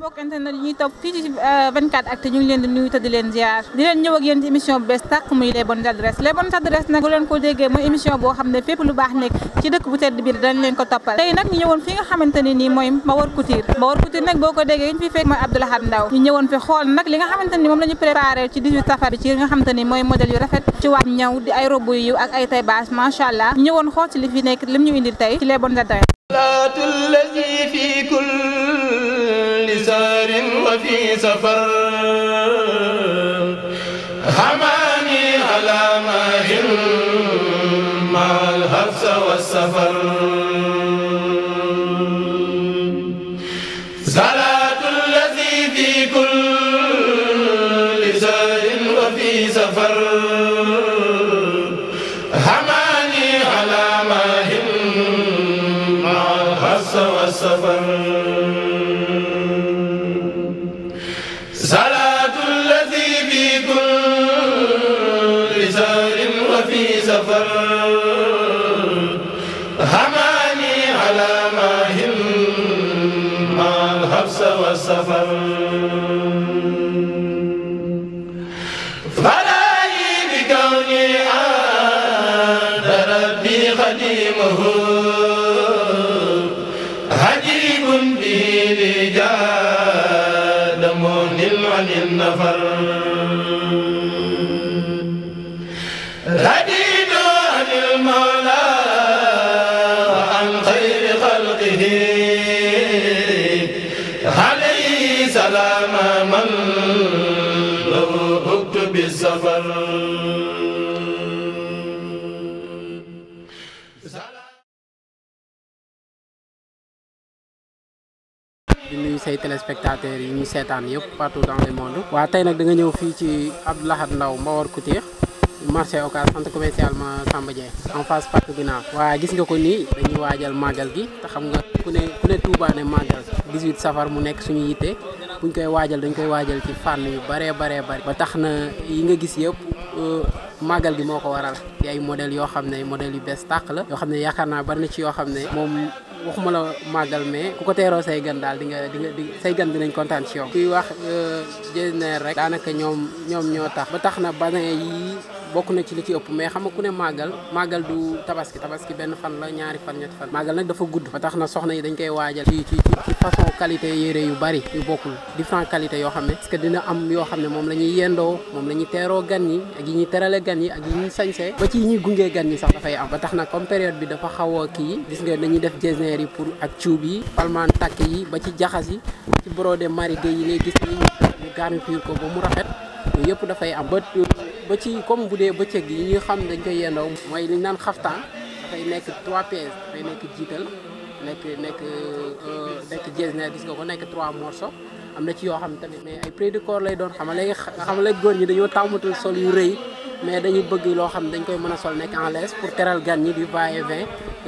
mbokk internet yi ñuy topp fii ci 24actu euh, ñu ngi leen di nuyu te di leen ziar di leen ñëw ak yéen ci émission bu bees tàq muy les bonnes adresses les bonnes adresses nag bu leen ko déggee mooy émission boo xam ne fépp lu baax nekk ci dëkk bu tedd bi dañ leen ko toppal tey nag ñu ñëwoon fi nga xamante ne nii mooy Mbaor Couture Mbaor Couture nag boo ko déggee ñu fi fekk mooy Abdou Lahad Ndaw ñu ñëwoon fi xool nag li nga xamante moom la ñu tay في سفر حماني على ماهر مع الحبس والسفر صلاة الذي في كل سار وفي سفر حماني على ماهر مع الحبس والسفر سفر هماني على ماهل مع الحبس والسفر فلاي بكوني عاد ربي خديمه هجيب به لجاد من عن النفر من لو هبت بالسفر say téléspectateurs yi ñuy seetaan yëpp partout dans le monde waaw tey nag da nga ñëw fii ci Abdou Lahad Ndaw Mbawar Couture marché Ocass centre commercial ma Samba Dieng en face parc Guinaas waa gis nga ko nii dañuy waajal màggal gi te xam nga ku ne ku ne Touba ne màggal 18 safar mu nekk suñu yitte buñ koy waajal dañ koy waajal ci fànn yu baree baree bari ba tax na yi nga gis yëpp euh, màggal gi moo ko waral ay modèles yoo xam ne model yu bees tàq la yoo xam ne yaakaar naa bari na ci yoo xam ne moom waxuma la màggal mais ku ko teeroo say gan daal di nga di nga di say dinañ kontaan si yow. kuy wax Getzner euh, rek. daanaka ñoom ñoom ñoo tax. ba tax na bazin yi bokk na ci li ci ëpp mais xam nga ku ne màggal màggal du tabaski tabaski benn fan la ñaari fan ñetti fan. màggal nag dafa gudd. ba tax na soxna yi dañ koy waajal. ci ci ci façon qualité yére yu bari yu bokkul différent qualité yoo xam ne. parce que dina am yoo xam ne moom la ñuy yendoo moom la ñuy teeroo gan ñi ak yi ñuy terale gan yi ak yi ñuy sañse ba ci yi ñuy gungee gan ñi sax dafay am ba tax na comme période bi dafa a partenaires yi pour ak cuub yi palmaan tàkk yi ba ci jaxas yi ci brodé marigué yi ngay gis ni ñu garniture ko ba mu rafet yooyu yëpp dafay am ba ba ci comme bu dee bëccëg yi ñu xam ne dañ koy yendoo mooy li ñu naan xaftaan dafay nekk 3 pièces dafay nekk jiital nekk nekk euh, nekk jeesneer gis nga ko nekk 3 morceaux am na ci yoo xam tamit mais ay près du corps lay doon xamale xamale góor ñi dañoo tàmmatul sol yu rëy mais dañu bëgg loo xam ne dañ koy mën a sol nekk en l'aise pour teral gan ñi di va et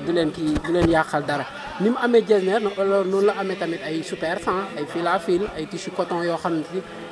du leen kii du leen yàqal dara ni mu amee Getzner alors noonu la amee tamit ay super 100 ay fil à fil ay tissu coton yoo xam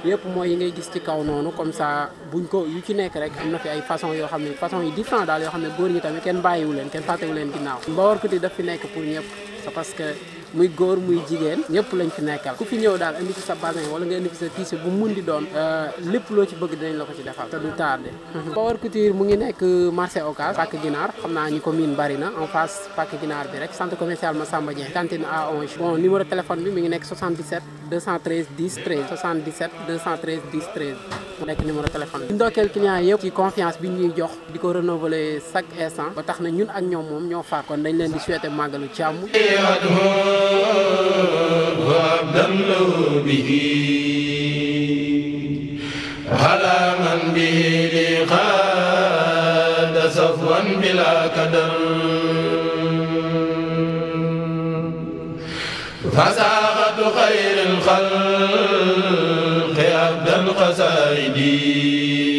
ne yëpp mooy yi ngay gis ci kaw noonu comme ça buñ ko yu ci nekk rek am na fi ay façon yoo xam ne façon yi différent daal yoo xam ne góor ñi tamit kenn bàyyiwu leen kenn fàttewu leen ginnaaw Mbaor Couture daf fi nekk pour ñëpp c'est parce que muy góor muy jigéen ñëpp lañ fi nekkal ku fi ñëw daal indi fi sa basin wala nga indi fi sa tiise bu di doon euh, lépp loo ci bëgg dinañ ko ci mhm. mu ngi nekk marché Ocass Pàcc Ginaar xam naa ñi ko miin bari na en face Pàcc Ginaar bi rek centre commercial Massamba Dieng cantine A11 bon numéro téléphone bi mi ngi nekk 77 213 10 13 77 213 10 13 mu nekk numéro téléphone bi ndokkeel client yëpp ci confiance bi ñuy jox di ko renouveler chaque instant ba tax na ñun ak ñoom moom ñoo far kon dañ leen di souhaiter màggalu jàmm وعبدا له به على من به لقاد صفوا بلا قدر فساغة خير الخلق عبدا قسائدي